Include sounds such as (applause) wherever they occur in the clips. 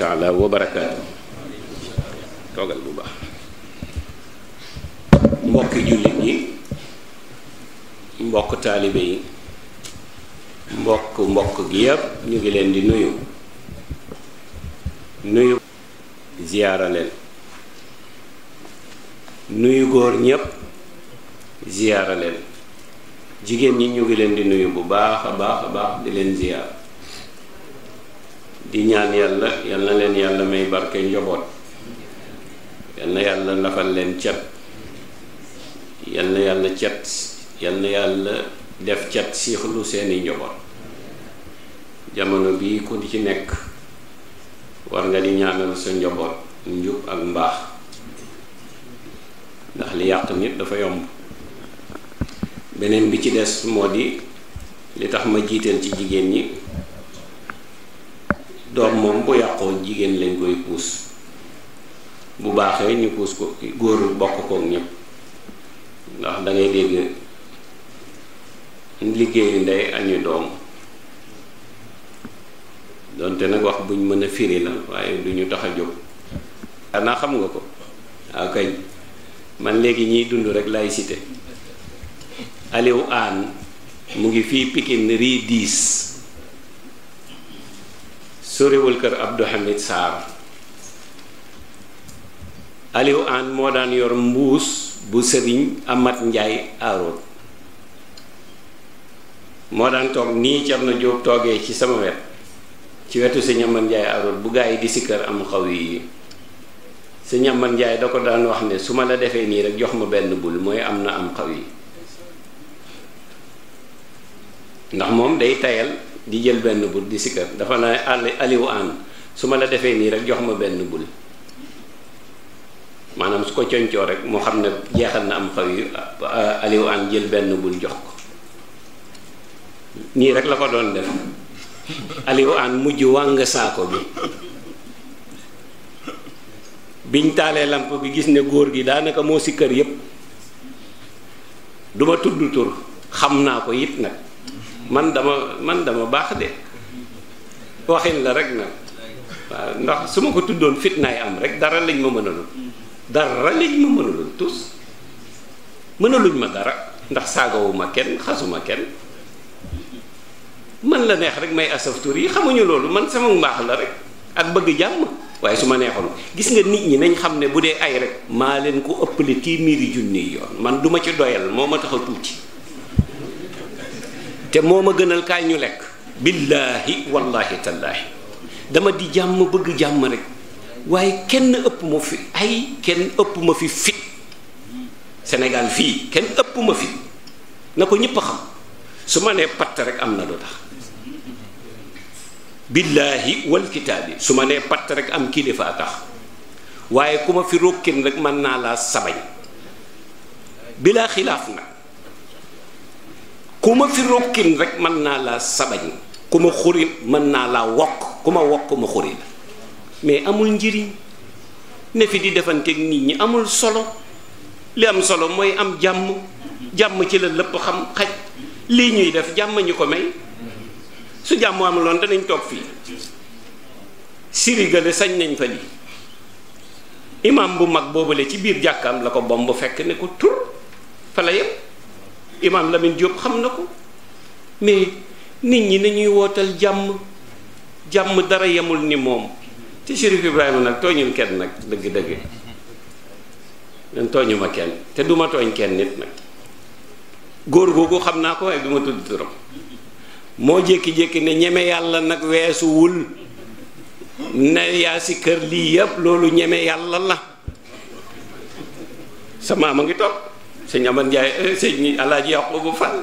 taala wa barakaatu toogal bu baax mbokki jullit yi mbokk taalibe yi mbokk mbokk gi yépp ñu ngi leen di nuyu nuyu ziyaara leen nuyu góor ñépp ziyaara leen jigéen ñi ñu ngi leen di nuyu bu baax a baax a baax di leen ziyaara di ñaan yàlla yal na leen yàlla may barke njaboot yal yàlla lafal leen cat yal yàlla cat yal yàlla def cat siixlu seeni njaboot jamono bii ku di ci nekk war nga di ñaanal sa njaboot njub ak mbaax ndax li yàq nit dafa yomb beneen bi ci des moo di li tax ma jiital ci jigéen ñi doom moom bu yàqoo jigéen lañ koy puus bu baaxee ñu puus ko góor bokk kook ñëpp ndax da dégg liggéeyu ndey añu doom donte nag wax buñ mën a firi la waaye du ñu tax a jóg xanaa xam nga ko waaw kañ man léegi ñiy dund rek lay site Aliou Anne mu ngi fii Pikine rii diis sorewul kër Abdou Hamid Sarr Aliou An moo daan yor mbuus bu sëriñ Amat Njaay aaroot moo daan toog nii na Jóob toogee ci sama wet ci wetu sëñ Amat Njaay aaroot bu gaay yi di si kër am xaw yi sëñ Amat Njaay da ko daan wax ne su ma la defee nii rek jox ma benn bul mooy am na am xaw yi ndax moom day tayal di jël benn bul di sikkat dafa na àll aliwu su ma la defee nii rek jox ma benn bul maanaam su ko concoo rek moo xam ne jeexal na am xaw yu aliwu jël benn bul jox ko nii rek la ko doon def aliwu aan mujj wàng saako bi biñ taalee lamp bi gis ne góor gi daanaka moo si kër yépp duma tudd tur xam naa ko it nag man dama man dama baax de waxin la rek na waaw ndax su ma ko tuddoon fitnaay am rek dara lañ ma mënalul dara lañ ma mënalul tous mënaluñ ma dara ndax saagawuma kenn xasuma kenn man la neex rek may asaf tur yi xamuñu loolu man sama mbaax la rek ak bëgg jàmm waaye su ma neexoon gis nga nit ñi nañ xam ne bu dee ay rek maa leen ko ëppale téeméeri junni yoon man duma ci doyal moo ma tax tuuti te moo ma gënal kaay ñu lekk billaahi wallaahi tallaahi dama di jàmm bëgg jàmm rek waaye kenn ëpp ma fi ay kenn ëpp ma fi fit Sénégal fii kenn ëpp ma fi na ko ñëpp xam su ma nee patt rek am na lu tax billaahi wal kitaabi su ma nee patt rek am kilifa a waaye ku ma fi rokkin rek mën naa laa sabañ bilaa xilaaf nag ku ma fi rokkin rek mën naa laa sabañ ku ma xuri mën naa laa wokk ku ma wokk ma xuri la mais amul njëriñ ne fi di defanteeg nit ñi amul solo li am solo mooy am jàmm jàmm ci la lëpp xam xaj lii ñuy def jàmm ñu ko may su jàmm amuloon danañ toog fii sirigale sañ nañ fa lii imaam bu mag boobale ci biir jàkkaam la ko bomb fekk ne ko tur fa la yëpp imaam Lamine Diop xam na ko mais nit ñi nañuy wootal jàmm jàmm dara yemul ni moom te Chérif Ibrahima nag tooñul kenn nag dëgg-dëgg man kenn te duma tooñ kenn nit nag góor googu xam naa ko waaye du ma tudd turam moo jékki-jékki ne ñeme yàlla nag weesuwul ne yaa si kër lii yëpp loolu ñeme yàlla la sa maam a ngi toog sëñ Amar Ndiaye eh, sëñ Alaaji Yaqubu Fall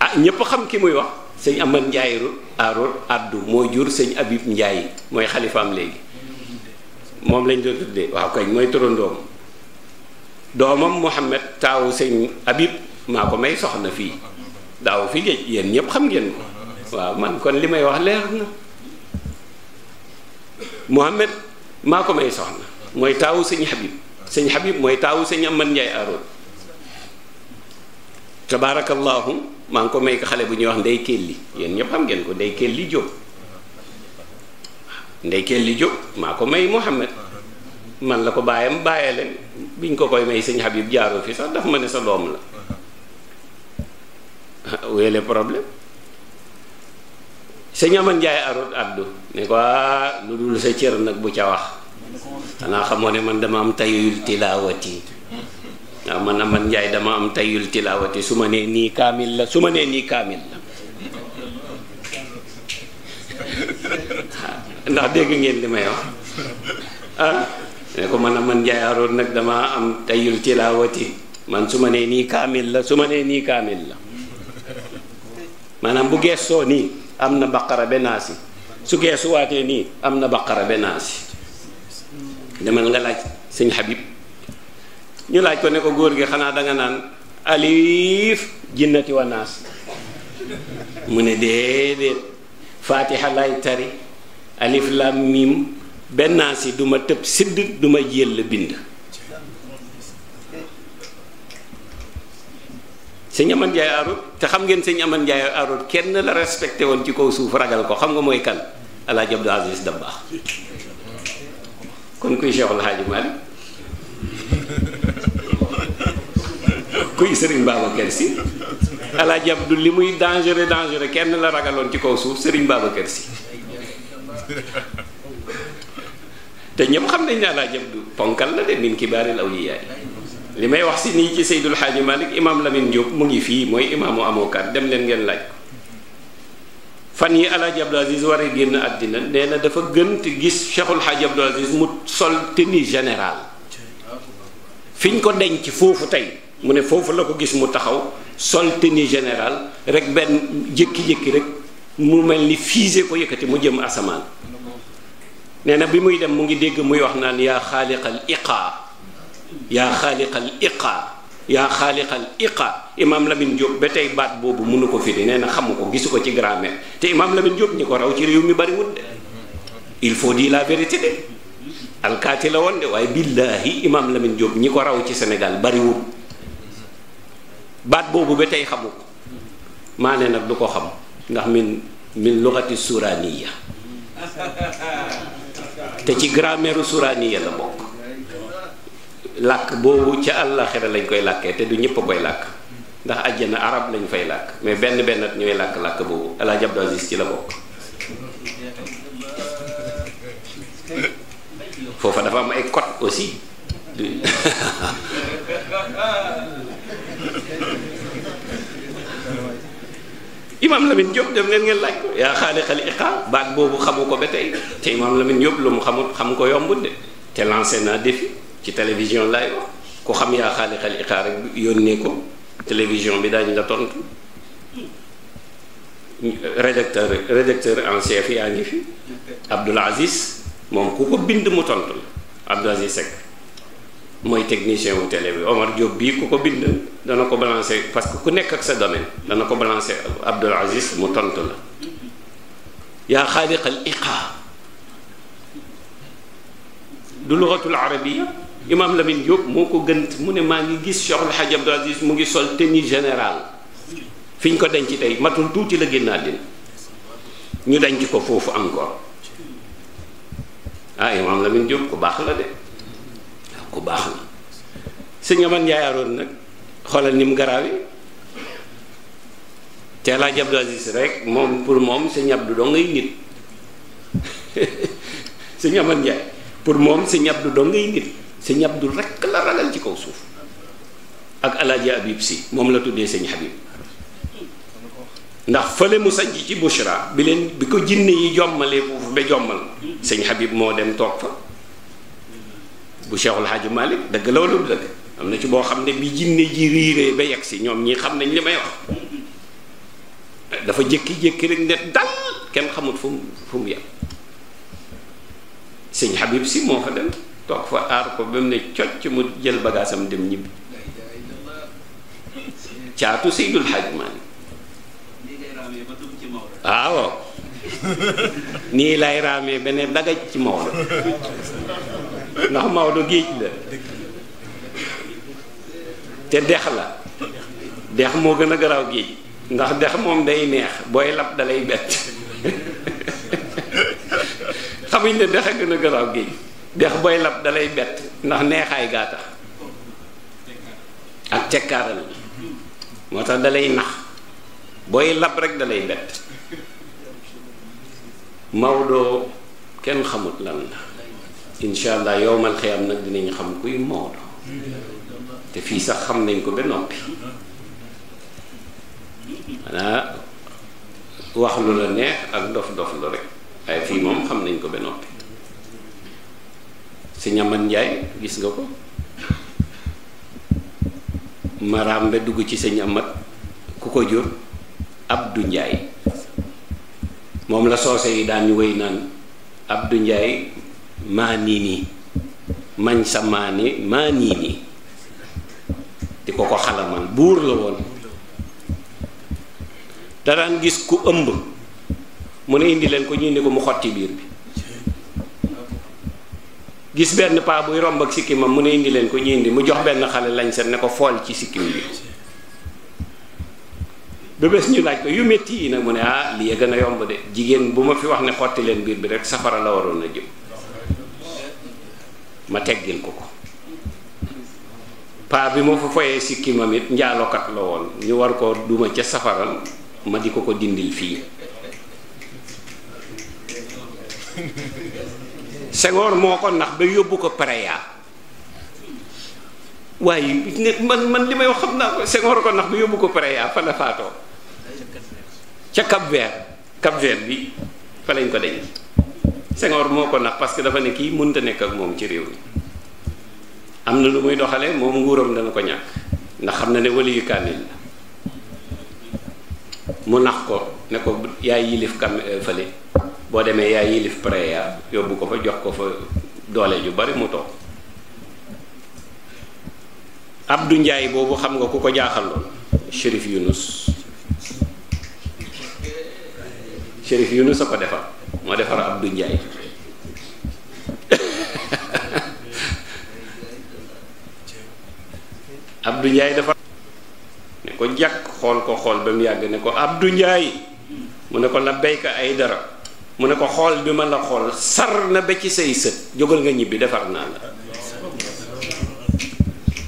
ah ñépp xam ki muy wax sëñ Amar Ndiaye aroot addu moo jur sëñ Abib Ndiaye mooy xalifaam léegi moom lañ doon tuddee waaw kañ mooy turandoom doomam Mouhamed taawu sëñ Abib maa ko may soxna fii daaw fi géej yéen ñépp xam ngeen ko waaw man kon li may wax leer na Mouhamed maa ko may soxna mooy taawu sëñ Habib sëñ Habib mooy taawu sëñ Amane Ndiaye Aroon tabaarakallaahu maa ngi ko may ko xale bu ñuy wax ndey kelli yéen ñëpp xam ngeen ko ndey kelli Diop ndey kelli Diop maa ko may Mouhamed man la ko bàyyam bàyyale biñ ko koy may sëñ Habib jaaroo fi sax daf ma ne sa doom la wéele problème sëñ Amane Ndiaye Aroon addu ne ko ah, lu dul sa cër nag bu ca wax. xanaa xamoo ne man dama am tayul tilaawati waaw man man Njaay dama am tayul tilaawati su ma nee nii kaamil la su ma nii kaamil (laughs) ndax dégg ngeen li may ah ne ko man man Njaay Aroon nag dama am tayul tilaawati man su ma nee nii kaamil la su ma nee nii kaamil la maanaam bu geesoo nii am na baqara benaasi su geesuwaatee nii am na baqara benaasi demal nga laaj sëñ Habib ñu laaj ko ne ko góor gi xanaa danga naan alif jinnati wa naas mu ne déedéet faatiha lay tari alif lam mim bennaas yi duma tëb sidd duma jël bind sëñ Aman Njaay Arut te xam ngeen sëñ Aman Njaay Arut kenn la respecté woon ci kaw suuf ragal ko xam nga mooy kan Alaaji Abdou Aziz Dabakh kon kuy Cheikh El Hadj Malick sëriñ Serigne Babacar Sy Alaaji Abdu li muy dangereux dangereux kenn la ragaloon ci kaw suuf Serigne Babacar Sy te ñëpp xam nañ ne Alaaji Abdu ponkal la de min kibaaril awliyaa li may wax si nii ci Seydul Hadj Malick la Lamine Diop mu ngi fii mooy amoo amokat dem leen ngeen laaj ko fan yi alaaji Abdou Aziz war a génn àddina nee na dafa gënt gis Cheikhul Hadji Abdou mu sol tenue général fiñ ñu ko denc foofu tey mu ne foofu la ko gis mu taxaw sol tenni général rek benn jékki-jékki rek mu mel ni fusée ko yëkkati mu jëm asamaan nee na bi muy dem mu ngi dégg muy wax naan yaa xaaliqal iqaa yaa xaaliqal iqaa yaa xaaliqal iqa imaam Lamine Diop ba tey baat boobu mënu ko firi nee na xamu ko gisu ko ci grammaire te imaam Lamine Diop ñi ko raw ci réew mi bariwul de il faut dire la vérité de alkaati la woon de waaye billaahi imaam Lamine jóob ñi ko raw ci Sénégal bariwul baat boobu ba tey xamu ko maa nag du ko xam ndax min min luxati suraaniya te ci grammaire suraaniya la bokk làkk boobu ca àllaaxira lañ koy làkkee te du ñëpp a koy làkk ndax àjjana arab lañ fay làkk mais benn benn at ñooy làkk làkk boobu El Hadj Abdou Aziz ci la bokk foofa dafa am ay code aussi imaam Lamine Diop dem leen ngeen laaj ko yaa xaaliqal iqaam baat boobu xamu ko ba tey te imaam Lamine Diop lu mu xamut xam ko yombut de te lancé naa défi ci télévision laay wax ku xam yaa xaali xel ixaar rek yónnee ko télévision bi daañu la tontu rédacteur rédacteur en chef yaa ngi fi Abdoul Aziz moom ku ko bind mu tontu la Abdoul Aziz Seck mooy technicien wu télé bi Omar Diop bii ku ko bind dana ko balancer parce que ku nekk ak sa domaine dana ko balancer Abdoul Aziz mu tontu la yaa xaaliqal iqaa du lugatul arabiyya imaam Lamine Diop moo ko gën mu ne maa ngi gis Cheikh El Hadj mu ngi sol tenue générale fi ñu ko denc tey matul tuuti la génn àddina ñu denc ko foofu encore ah imaam Lamine Diop ku baax la de ku baax la sëñ Amane Ndiaye Aroon nag xoolal ni mu garaawi te El Hadj Abdou rek moom pour moom sëñ Abdou doo ngay nit (laughs) sëñ Amane Ndiaye pour moom sëñ Abdou doo ngay nit. sëñ Abdou rekk la ragal ci kaw suuf ak alaaji Habib si moom la tuddee sëñ Habib ndax fële mu sajj ci Bushra bi leen bi ko jinne yi jommalee foofu ba jommal sëñ Habib moo dem toog fa bu Cheikhul Hadji Malick dëgg la wala du dëgg am na ci boo xam ne bi jinne ji riiree ba yegg si ñoom ñi xam nañ li may wax dafa jékki-jékki rek ne dal kenn xamut fu mu fu mu yem sëñ Habib si moo fa dem toog fa aar ko ba mu ne cocc mu jël bagaasam dem ñibbi caatu Seydul Hajj Maalik waaw nii lay raamee ba ne dagaj ci Maodo ndax Maodo géej la te dex la dex moo gën a garaaw géej ndax dex moom day neex booy lab dalay bett (laughs) xamuñ ne dex a gën a garaaw géej dex booy lab dalay bett ndax neexaay gaa tax ak cekkaaral moo tax dalay nax booy lab rek dalay bett Maodo kenn xamut lan la insha allah yowmal xiyam nag dinañ xam kuy Maodo te fii sax xam nañ ko ba noppi wax lu la neex ak dof dof lu rek waaye fii moom xam nañ ko ba noppi si ñaman njaay gis nga ko maraam la dugg ci sëñ amat ku ko jur ab du njaay moom la soose yi daan wéy naan abdu njaay maa nii nii mañ sa maane maa nii di ko ko xalamal buur la woon da daan gis ku ëmb mu ne indi leen ko ñu indi ko mu xotti biir bi gis benn paa buy romb ak sikkimam mu ne indi leen ko ñu indi mu jox benn xale lañ set ne ko fool ci sikkim bi ba ñu laaj ko yu métti yi nag mu ne ah lii gën a yomb de jigéen bu ma fi wax ne xotti leen biir bi rek safara la waroon a jëm ma teggil ko ko paa bi ma fa foyee sikkimam it njaalokat la woon ñu war ko duma ca safara ma di ko ko dindil fii Senghor moo ko nax ba yóbbu ko Preya waaye ne man man li may wax xam naa ko Senghor ko nax ba yóbbu ko pare fa la faatoo ca Cap Vert Cap Vert bi fa lañ ko denc Senghor moo ko nax parce que dafa ne kii mënta nekk moom ci réew mi am na lu muy doxale moom nguuram dana ko ñàkk ndax xam na ne waliyu kaamil la mu nax ko ne ko yaay yilif kam fële boo demee yaay yilif Preya yóbbu ko fa jox ko fa doole ju bari mu toog Abdou Ndiaye boobu xam nga ku ko jaaxaloon Chérif Yunus Chérif Yunus a ko defar moo defar Abdou Ndiaye (laughs) Abdou Ndiaye dafa ne ko jàkk xool ko xool ba mu yàgg ne ko Abdou Ndiaye mu ne ko la béyka ay dara mu ne ko xool bi ma la xool sar na ba ci say sët jógal nga ñibbi defar naa la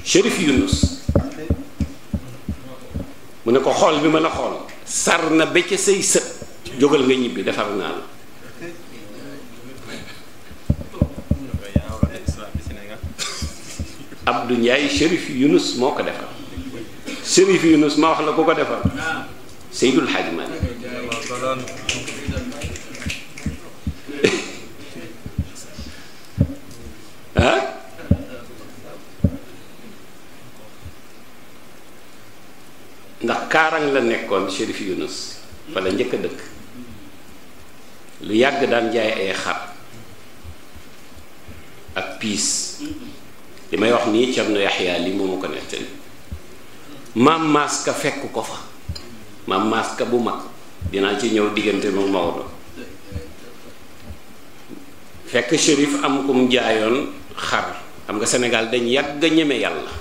Chérif Yunus ne ko xool bi ma la xool sar na ba ci say sët jógal nga ñibbi defar naa la Abdou Ndiaye Chérif Yunus moo ko defar Chérif Yunus ma wax la ku ko defar Seydul Hadj Malick ah ndax kaarang la nekkoon Chérif Yunus fa njëkk a dëkk lu yàgg daan jaay ay xar ak piis li may wax nii Cerno Yaxya li moomu ko nettali maam maaska fekk ko fa maam maaska bu mag dinaa ci ñëw diggante mu Maodo fekk Chérif am kum jaayoon xar xam nga Sénégal dañ yàgg a ñeme yàlla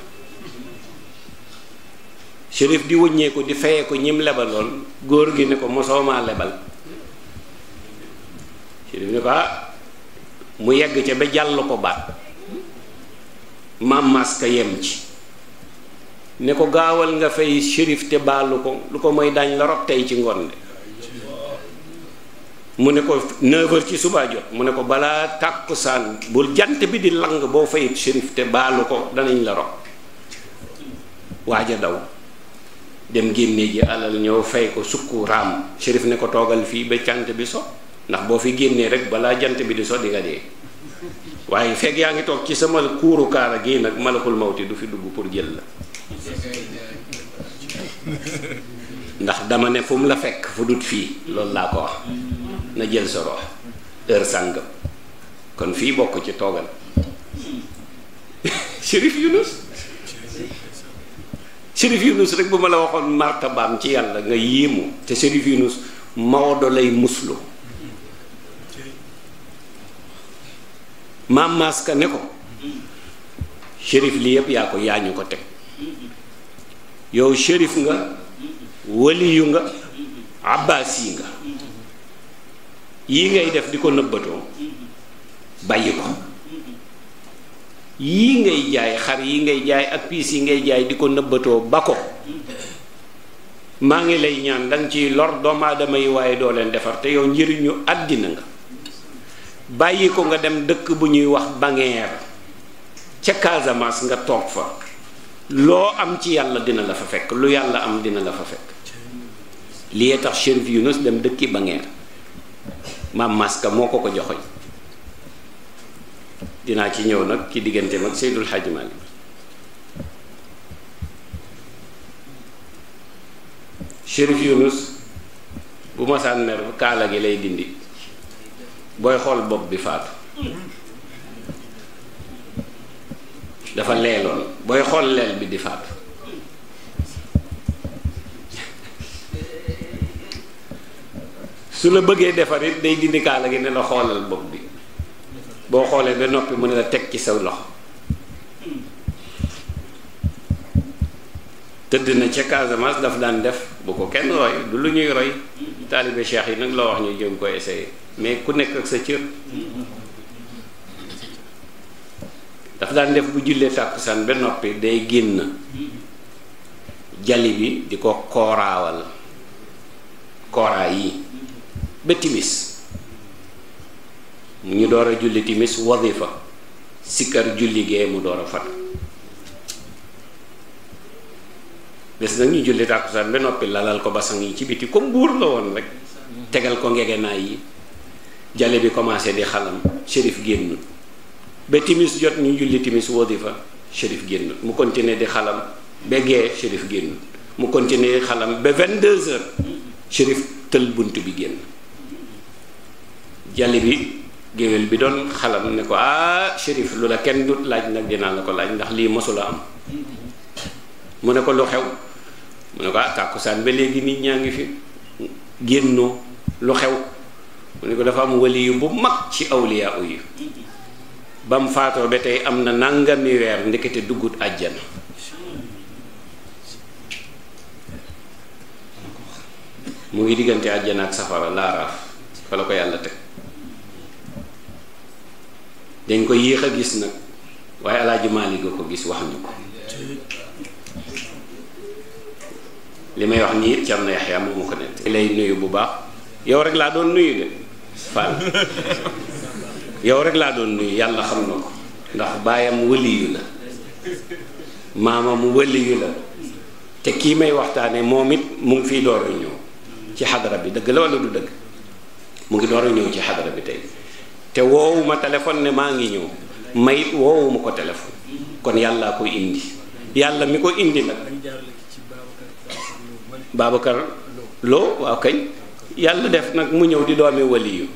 shérif di wëññee ko di fayee ko ñim lebaloon góor gi ne ko mosoo maa lebal ah, mu yegg ca ba jàll ko baat maam maska yem ci ne ko gaawal nga fay shérif te baalu ko lu ko mooy daañ la rob tey ci ngoon de mu ne ko 9 ci subaa jot mu ne ko balaa tàkkusaan bul jant bi di lang boo fayit shérif te baalu ko danañ la rob waaja daw dem génne ji alal ñëw fay ko sukku raam shérif ne ko toogal fii ba jant bi so ndax boo fi génnee rek balaa jant bi di so di dee waaye fekk yaa ngi toog ci sama kuuru kaara gii nag malakul ti du fi dugg pour jël la ndax dama ne fu la fekk fu dut fii loolu laa ko wax na jël sa rox heure sàngam kon fii bokk ci toogal (laughs) Chérif Yunus Chérif Yunus rek bu ma la waxoon martabaam ci yàlla nga yéemu te Chérif Yunus Maodo lay muslu maam Maaska ne ko Chérif li yëpp yaa ko yaa ñu ko teg yow Chérif nga waliyu nga abbaasi nga yii ngay def di ko nëbbatoo bàyyi ko yii ngay jaay xar yi ngay jaay ak piis yi ngay jaay di ko nëbbatoo ba ko maa ngi lay ñaan danga ciy lor doomu aadama yi waaye doo leen defar te yow njëriñu àddina nga bàyyi ko nga dem dëkk bu ñuy wax Bangeer ca Casamance nga toog fa loo am ci yàlla dina la fa fekk lu yàlla am dina la fa fekk lii tax Cherif Yunus dem dëkki Bangeer maam maska moo ko ko joxoñ dinaa ci ñëw nag ci diggante mag Seydul Xaaji Maalik Chérif Yunus bu masaan mer kaala gi lay dindi booy xool bopp bi faatu dafa leeloon booy xool leel bi di faatu su la bëggee defar it day dindi kaala gi ne la xoolal bopp bi boo xoolee ba noppi mu ne la teg ci sa loxo tëdd na ca Casamance daf daan def bu ko kenn roy du lu ñuy roy taalibe cheikh yi nag loo wax ñu jëm ko essayé mais ku nekk ak sa cër daf daan def bu jullee tàkkusaan ba noppi day génn jali bi di ko kooraawal kooraa yi ba timis ñu door a julli timis wadifa sikkar julli gee mu door a fat bés nag ñu julli tàkkusaan ba noppi lalal ko basang yi ci biti comme buur la woon rek tegal ko ngegenaay yi jale bi commencé di xalam shérif génnut ba timis jot ñu julli timis wadifa shérif génnut mu continuer di xalam ba gee shérif génnut mu continuer xalam ba vingt 22 heures shérif tël bunt bi génn jali bi géwél bi doon xalam ni ko ah shérif lu la kenn du laaj nag dinaa la ko laaj ndax lii mosula am mu ne ko lu xew mu ne ko ah tàkkusaan ba léegi nit ñaa ngi fi génnoo lu xew mu ne ko dafa am waliyu bu mag ci awliya yi ba faatoo ba tey am na nangami weer ndekete duggut àjjana mu ngi diggante àjjana ak safara laaraaf fa la ko yàlla teg dañ ko yéex a gis nag waaye alaaji Maalik ko gis wax ñu ko li may wax nii it Cerno Yaxya moom moo ko nett lay nuyu bu baax yow rek laa doon nuyu de Fall yow rek laa doon nuyu yàlla xam na ko ndax baayam wëliyu la maamam wëliyu la te kii may waxtaane moom it mu ngi fii door a ñëw ci xadara bi dëgg la wala du dëgg mu ngi door a ñëw ci xadara bi tey te woowuma téléphone ne maa ngi ñëw mayit woowuma ko téléphone kon yàllaa ko indi yàlla mi ko indi nag Babacar Lo waaw kañ yàlla def nag mu ñëw di doomi waliyu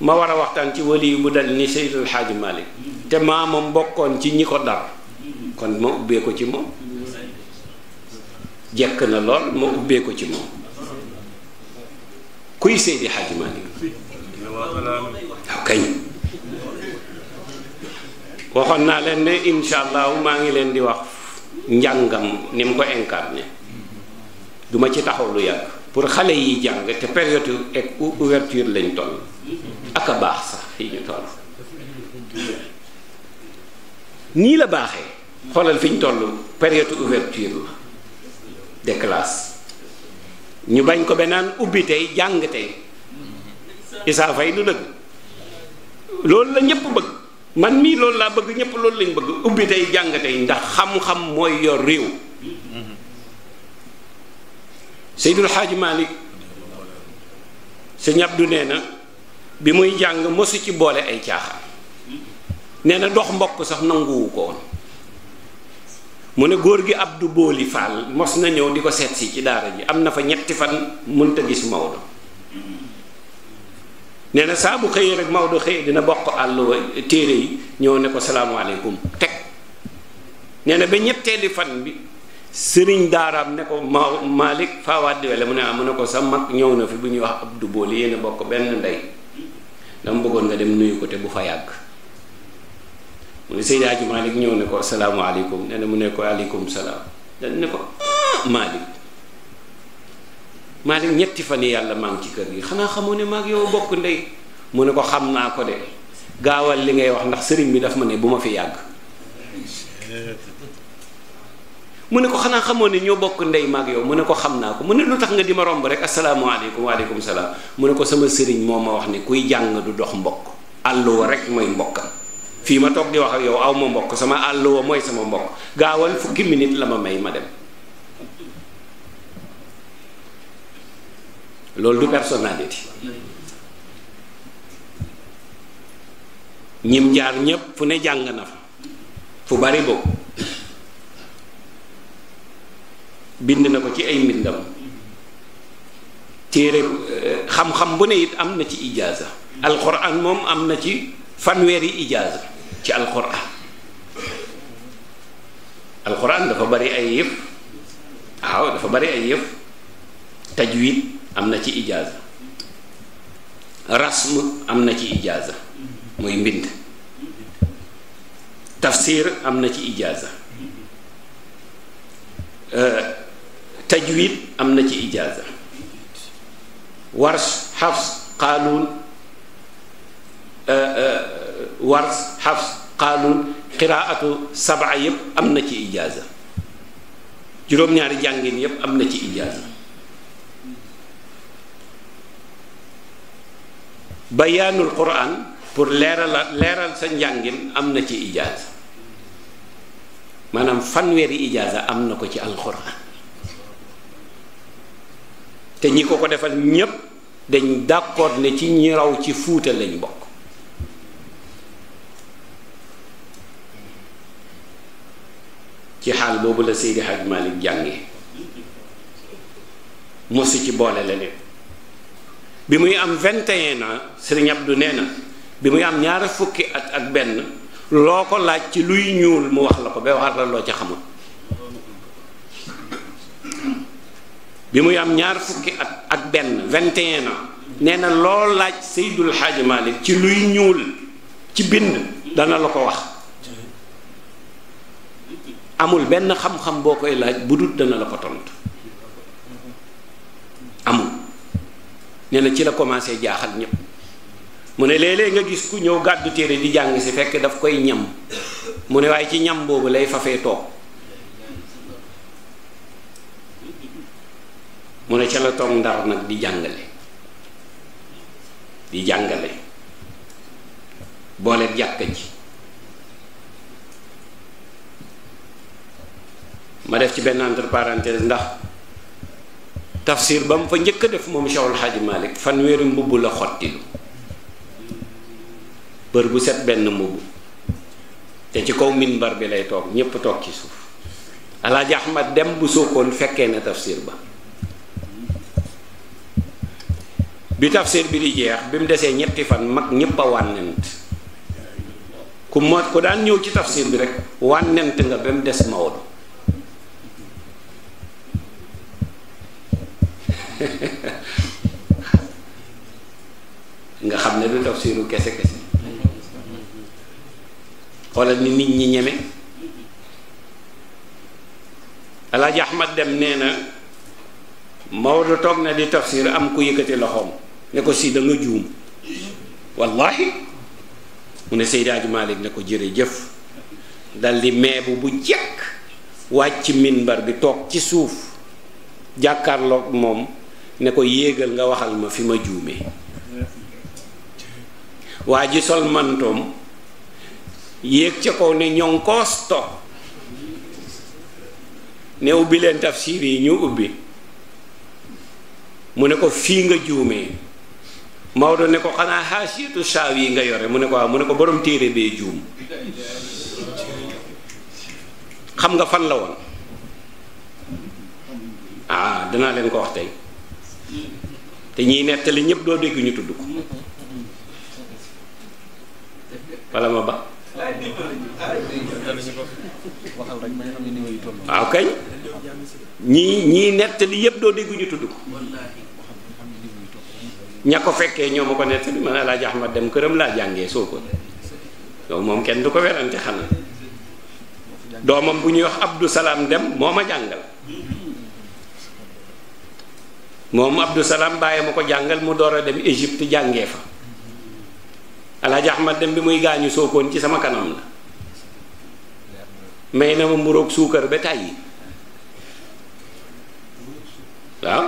ma war a waxtaan ci waliyu bu dal ni Seydil Hadji Malick te maamam bokkoon ci ñi ko dar kon ma ubbee ko ci moom jekk na lool ma ubbee ko ci moom kuy Seydi Hadji waaw kañ waxoon naa leen ne incha maa ngi leen di wax njàngam ni mu ko incarné duma ci taxaw lu yàgg pour xale yi jàng te période ek ouverture lañ toll ak a baax sax fii ñu toll nii la baaxee xoolal fi ñu toll période ouverture la des classes ñu bañ ko benaan ubbi tey jàng tey Issa Faye du dëgg loolu la ñëpp bëgg man mii loolu laa bëgg ñëpp loolu lañ bëgg ubbi tey jàng tey ndax xam-xam mooy yor réew Seydul Xaaji Maalik Sëñ Abdu nee na bi muy jàng mosu ci boole ay caaxaan nee dox mbokk sax nanguwu ko mu ne góor gi Abdu Booli Faal mos na ñëw di ko seetsi ci daara ji am na fa ñetti fan mënta gis Maodo nee na saa bu xëyee rek Maodo xëyee dina bokk àll wa téere yi ñëw ne ko salaamaaleykum teg nee na ba ñetteeli fan bi sëriñ daaraam ne ko ma Malick faa wàddi mu ne ah mu ne ko sa mag ñëw na fi bu ñuy wax ab du bool a bokk benn ndey dama bëggoon nga dem nuyu ko te bu fa yàgg mu ne Seydi Hadji Malick ñëw ne ko salaamaaleykum nee na mu ne ko aleykum salaam dañ ne ko ah, Malick Malick ñetti fan yi yàlla maa ngi ci kër gi xanaa xamoo ne maag yow bokk ndey mu ne ko xam naa ko de gaawal li ngay wax ndax sëriñ bi dafa ma ne bu ma fi yàgg mu ne ko xanaa xamoo ne ñoo bokk ndey maag yow mu ne ko xam naa ko mu ne lu tax nga di ma romb rek asalaamaaleykum waaleykum salaam mu ne ko sama sëriñ moo ma wax ne kuy jàng du dox mbokk àll wa rek mooy mbokkam fii ma toog di wax ak yow aw ma mbokk sama àll wa mooy sama mbokk gaawal fukki minute la ma may ma dem loolu du personnalité ñim jaar ñépp fu ne jàng na fa fu bari boobu bind na ko ci ay mbindam téere eh, xam-xam bu ne it am na ci ijaaza alxuraan moom am na ci fanweeri ijaaza ci alxuraan alxuraan dafa bari ay yëf waaw dafa bari ay yëf tajwid am na ci ijaaza rasm am na ci ijaaza muy mbind tafsir am na ci ijaaza euh, tajwid am na ci ijaaza wars xafs qaaluun euh, euh, wars xafs qaaluun am na ci ijaaza juróom-ñaari jàngin yépp am na ci ijaaza bayaanul quran pour leeral leeral sa njàngin am na ci ijaaza maanaam fanweeri ijaaza am na ko ci alquran te ñi ko ko defal ñépp dañ d'accord ne ci ñi raw ci fuuta lañ bokk ci xaal boobu la Seydi Hadj Malick jànge mosu ci boole leneen bi muy am 21 ans sëriñ Abdou nee na bi muy am ñaara fukki at ak benn loo ko laaj ci luy ñuul mu wax la ko ba wax loo ca xamul bi muy am ñaar fukki at ak benn 21 ans nee na loo laaj Seydul Xaaji ci luy ñuul ci bind dana la ko wax amul benn xam-xam boo koy laaj bu dul dana la ko tontu amul nee na ci la commencé jaaxal ñëpp mu ne léeg-léeg nga gis ku ñëw gàddu téere di jàng si fekk daf koy ñam mu ne waaye ci ñam boobu lay fafee toog mu ne ca la toog ndar nag di jàngale di jàngale boole jàkka ji ma def ci benn entre ndax tafsir ba mu fa njëkk a def moom Cheikhul Hadji Malick fanweeri mbubb la xottilu bër bu set benn mbubb te ci kaw min mbar bi lay toog ñépp toog ci suuf alaaji Ahmad dem bu sookoon fekkee na tafsir ba bi tafsir bi di jeex bi mu desee ñetti fan mag ñépp a wànnent ku ma ko daan ñëw ci tafsir bi rek wànnent nga ba mu des Maodo (laughs) nga xam ne du tafsiru kese kese xoolal ni nit ñi ñeme alaaji ahmad dem nee na Maodo toog na di tafsir am ku yëkkati loxoom ne ko si da juum wallahi mu ne Seydi Hadji Malick ne ko jërëjëf dal di meebu bu jekk wàcc minbar bi toog ci suuf jàkkaarloog moom ne ko yéegal nga waxal ma fi ma juume waa ji sol mantoom yéeg ca kaw ne ñonkoos to ne ubbi leen tafsir yi ñu ubbi mu ne ko fii nga juumee Maodo ne ko xanaa xaasiyatu saaw yi nga yore mu ne ko waaw mu ne ko borom téere bee juum xam nga fan la woon ah, danaa leen ko wax tey te ñiy nettali ñépp doo dégg ñu tudd ko wala ma ba waaw kañ ñii ñii nettali yëpp doo dégg ñu tudd ko ña ko fekkee ñoo ma ko nettali man Alaaji Ahmad dem këram laa jàngee soo ko loolu moom kenn du ko werante xanaa doomam bu ñuy wax Abdou Salaam dem moo ma jàngal moom Abdou Salam bàyyi ma ko jàngal mu door a dem Égypte jàngee fa alaaja Ahmad dem bi muy gaañu sookoon ci sama kanam la may na ma mburoog suukar ba tàyyi waaw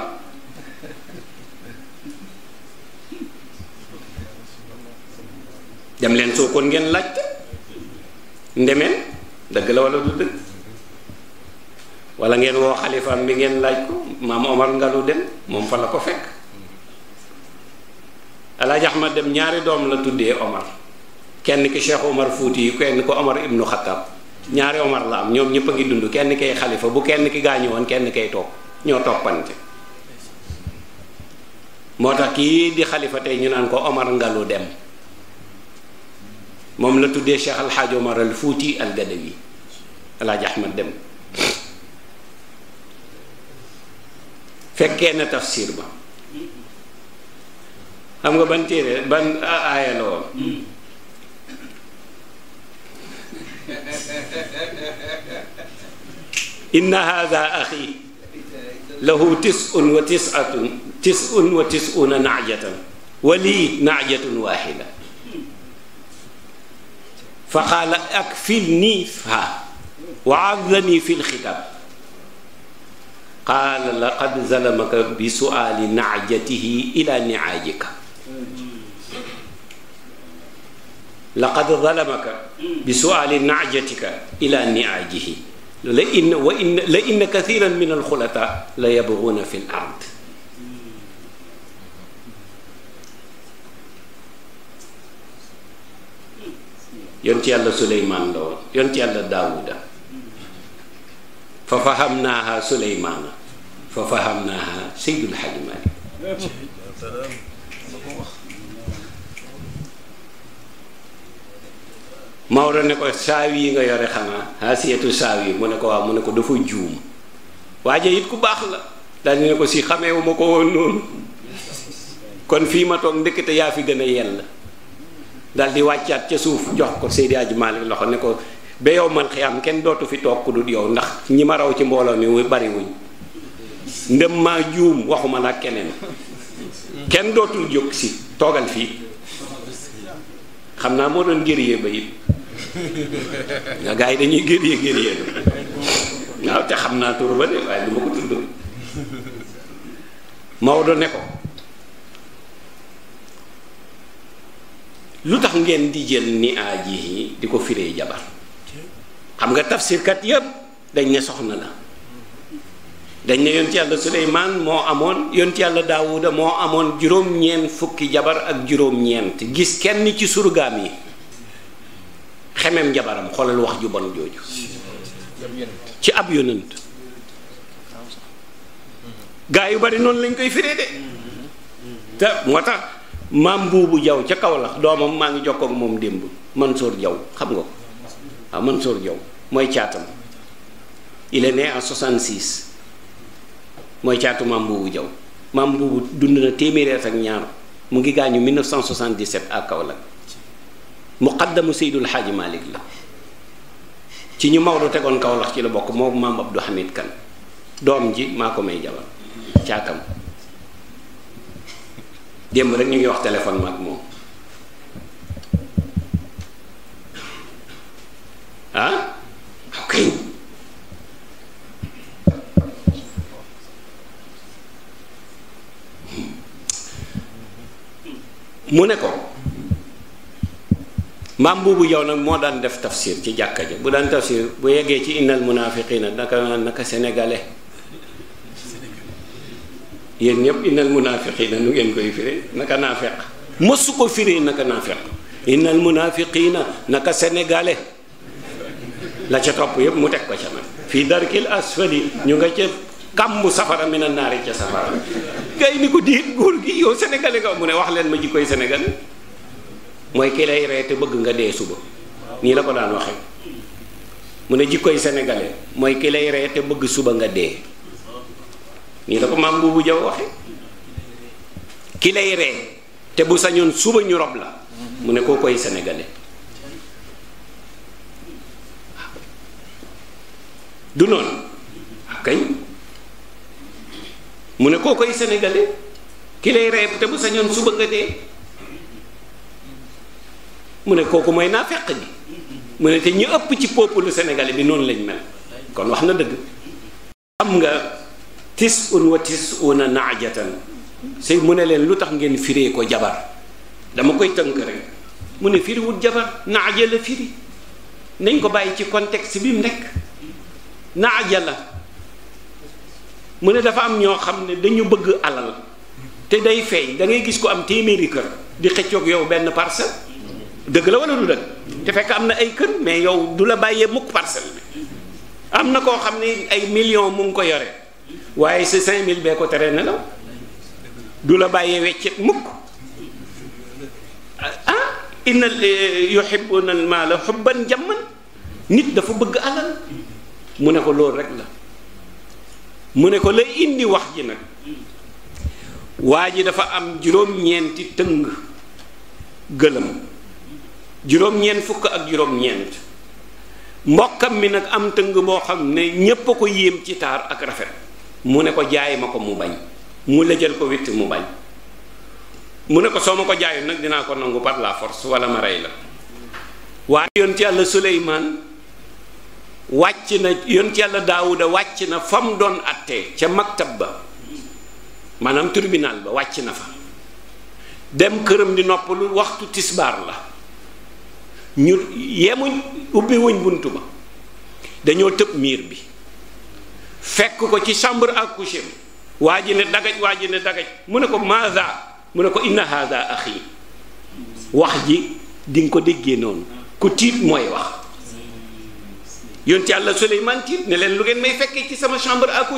dem leen sookoon ngeen laajte ndemeen dëgg la wala du dëgg wala ngeen woo xalifaam bi ngeen laaj ko maam Omar Ngalu dem moom fa la ko fekk Alaaji Ahmad dem ñaari doom la tuddee Omar kenn ki Cheikh Omar Fuuti yu kenn ko Omar ibnu Xattaab ñaari Omar la am ñoom ñëpp a ngi dund kenn kay xalifa bu kenn ki gaañu woon kenn kay toog ñoo toppante moo tax kii di xalifa tey ñu naan ko Omar Ngalu dem moom la tuddee Cheikh Alxaaj Omar Fuuti al Gadawi Alaaji Ahmad dem fekkee na tafsir ba xam nga ban téere ban aaya la woon inna hada axi lahu tisun wa tisatun tisun wa tisuna naajatan wa lii naajatun waaxida fa qaala akfilnii ha wa azzani fi lxitaab qaala laqad zalamaka bi suaali naajatihi ila niaajika laqad zalamaka bi suaali naajatika ila niaajihi la in wa in la in kathiran min alxulata la yabguuna fi l ard yonent yàlla Suleymaan la woon yonent yàlla Daawuda fa fahamnaaha suleymaana fa fahamnaaha seydul xaji maalik Maodo ne ko saawi yi nga yore xanaa haasiyatu saawi mu ne ko waaw mu ne ko dafa juum waaje it ku baax la daal ne ko si xameewu ko woon noonu kon fii ma toog ndëkkate yaa fi gën a yell daal di wàccaat ca suuf jox ko Seydi Aji Maalik loxo ne ko ba yow mal xiyaam kenn dootu fi toog ku dul yow ndax ñi ma raw ci mbooloo mi wu bari wuñ ndem maa juum waxuma la keneen kenn dootul jóg si toogal fii xam naa moo doon gërëyee ba it nga (laughs) gars yi dañuy gërëyee gërëyee waaw te xam naa tur ba de waaye du ko tudd Maodo ne ko lu tax ngeen di jël ni aaj yi di ko firee jabar xam nga tafsirkat yépp dañ ne soxna la dañ ne yonent yàlla suleymaan moo amoon yonent yàlla daawuda moo amoon juróom-ñeent fukki jabar ak juróom-ñeent gis kenn ci surugaam yi xemem jabaram xoolal wax ju bon jooju ci ab yonent gaa yu bari noonu lañ koy firee de te moo tax maam mbuubu jaw ca kaw la doomam maa ngi jokkook moom démb Mansour jaw xam nga ko waaw ah, Mansour jaw mooy caatam il est né en 66 mooy caatu maam Boubou Diaw maam Boubou dund na téeméeri at ak mu ngi gaañu 1977 à Kaolack muqaddamu Seydul Xaaji Malik la ci ñu Maodo tegoon Kaolack ci la bokk moom maam Abdou Hamid Kan doom ji maa ko may jabar caatam démb rek ñu ngi wax téléphone ma ak moom ah mu ne ko maam buubu yow nag moo daan def tafsir ci jàkka ja bu daan tafsir bu yeggee ci innal munafiqina naka naka sénégalais yéen ñëpp innal munafiqina nu ngeen koy firi naka naafeq mësu ko fire naka naafeq innal munafiqina naka sénégalais la ca topp yëpp mu teg ko ca nag fii darkil asfali ñu nga ca kàmbu safara mi na naari ca safara gars ni ko déet góor gi yow sénégalais nga mu ne wax leen ma jikkoy sénégalais mooy ki lay ree te bëgg nga dee suba nii la ko daan waxee mu ne jikkoy sénégalais mooy ki lay ree te bëgg suba nga dee nii la ko maam buubu jaw waxe ki lay ree te bu sañoon suba ñu rob la mu ne koo koy sénégalais du noonu kañ mu ne koo koy sénégalais ki lay rey te bu sañoon suba nga dee mu ne kooku mooy naa feq gi mu ne te ñu ëpp ci peuple sénégalais bi noonu lañ mel kon wax na dëgg xam nga tis un wa tis una naajatan si mu ne leen lu tax ngeen firee ko jabar dama koy tënk rek mu ne firiwut jabar naaja la firi nañ ko bàyyi ci contexte bi mu nekk naaja la mu ne dafa am ñoo xam ne dañu bëgg alal te day feeñ da ngay gis ko am téeméeri kër di xëccoog yow benn parcelle dëgg la wala du dëgg te fekk am na ay kër mais yow du la bàyyee mukk parcelle bi am na koo xam ne ay million mu ngi ko yore waaye sa mille bee ko tere nelaw du la bàyyee weccet mukk ah inna eh, yuhibbuna al maala hubban jamman nit dafa bëgg alal mu ne ko loolu rek la mu ne ko la indi wax ji nag waa ji dafa am juróom-ñeenti tëng gëlëm juróom-ñeent fukk ak juróom-ñeent mbokkam mi nag am tëng boo xam ne ñépp a ko yéem ci taar ak rafet mu ne ko jaay ma ko mu bañ mu lëjal ko witt mu bañ mu ne ko soo ma ko jaayoon nag dinaa ko nangu par la force walla ma rey la waaye yoon yàlla Suleymaan wàcc na yonent yàlla daawuda wàcc na fa mu doon attee ca maktab ba maanaam tribunal ba wàcc na fa dem këram di noppalu waxtu tisbaar la ñu yemuñ ubbi wuñ bunt ba dañoo tëb miir bi fekk ko ci chambre à coucher waa ji ne dagaj waa ji ne dagaj mu ne ko maza mu ne ko inna ak axi wax ji di ko déggee noonu ku tiit mooy wax yonent yàlla Suleymaan tiit ne leen lu ngeen may fekkee ci sama chambre à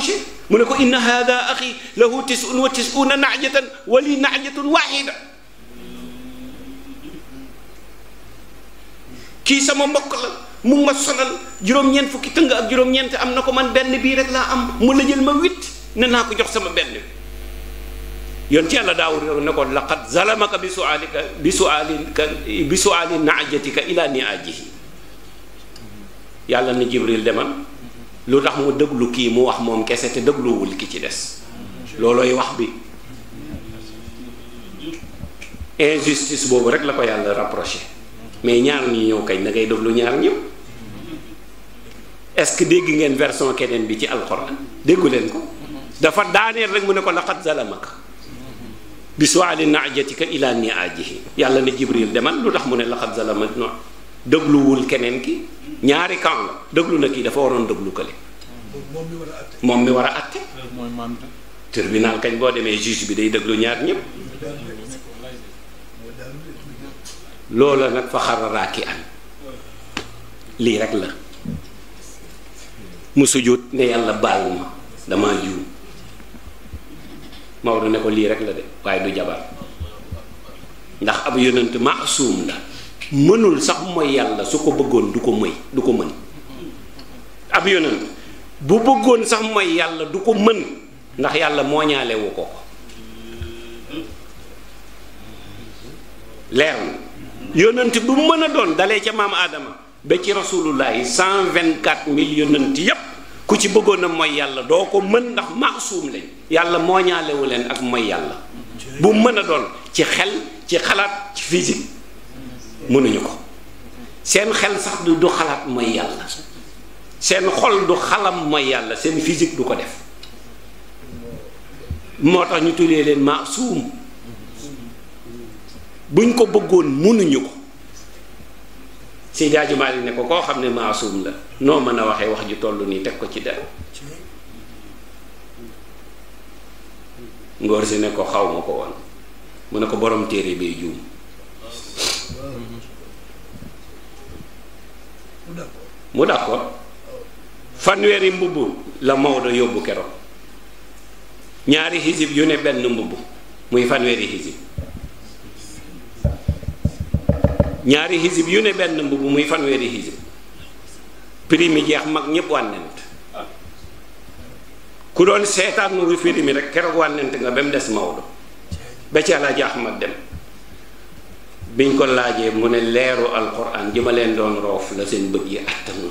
mu ne ko inna hada axi lahu tisun wa tisuna najatan wa li najatun waxida kii sama mbokk la mu ma sonal juróom-ñeent fukki tëng ak juróom-ñeent am na ko man benn bii rek laa am mu la jël ma huit ne naa ko jox sama benn yonent yàlla daawud ne ko laqad zalamaka bi sualika bi sualika bi ila niajihi yàlla na jibril demal lu tax mu déglu kii mu wax moom kese te dégluwul ki ci des loolooy wax bi injustice boobu rek la ko yàlla rapproché mais ñaar ñi ñëw kañ da ngay déglu ñaar ñëw est-ce que dégg ngeen version keneen bi ci alxuraan déggu leen ko dafa daaneel rek mu ne ko laqad zalamaka bi su'ali na'jatika ila ni'ajihi yàlla na jibril demal lu tax mu ne laqad zalamaka dëgluwul keneen ki ñaari kan la dëglu na kii dafa waroon dëglu kële. moom mi war a àtte tribunal kañ boo demee juge bi day dëglu ñaar ñëpp loola nag fa xararaaki an lii rek la mu sujjóot ne yàlla baal ma dama juum Maodo ne ko lii rek la de waaye du jabar ndax ab yonent maasuum la mënul sax mooy yàlla su ko bëggoon du ko mëy du ko mën ab yonent bu bëggoon sax mooy yàlla du ko mën ndax yàlla mooñaalewu ko ko leer na yonent bu mu mën a doon dalee ca maamu aadama ba ci rasulullahi 124 mille yonent yépp ku ci bëggoon a mooy yàlla doo ko mën ndax maasuum lañ yàlla mooñaalewu leen ak mooy yàlla bu mën a doon ci xel ci xalaat ci physique mënuñu ko seen xel sax du du xalaat mooy yàlla seen xol du xalam mooy yàlla seen physique du ko def moo tax ñu tulee leen maasuum buñ ko bëggoon mënuñu ko si jaaju Maalik ne ko koo xam ne maasuum la noo mën a waxee wax ju toll nii teg ko ci dara ngóor si ne ko xaw ma ko woon mu ne ko boroom téere bee juum mu d'accord fanweeri mbubb la Maodo yóbbu keroog ñaari xisib yu ne benn mbubb muy fanweeri xisib ñaari benn mbubb muy fanweeri mi jeex mag ñépp wànnent ku doon seetaan mu prix mi rek keroog wànnent nga ba mu des Maodo ba ci Alaaji Ahmad dem biñ ko laajee mu ne leeru alquran ji doon roof la seen bët yi àttanu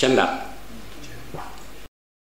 ca ndam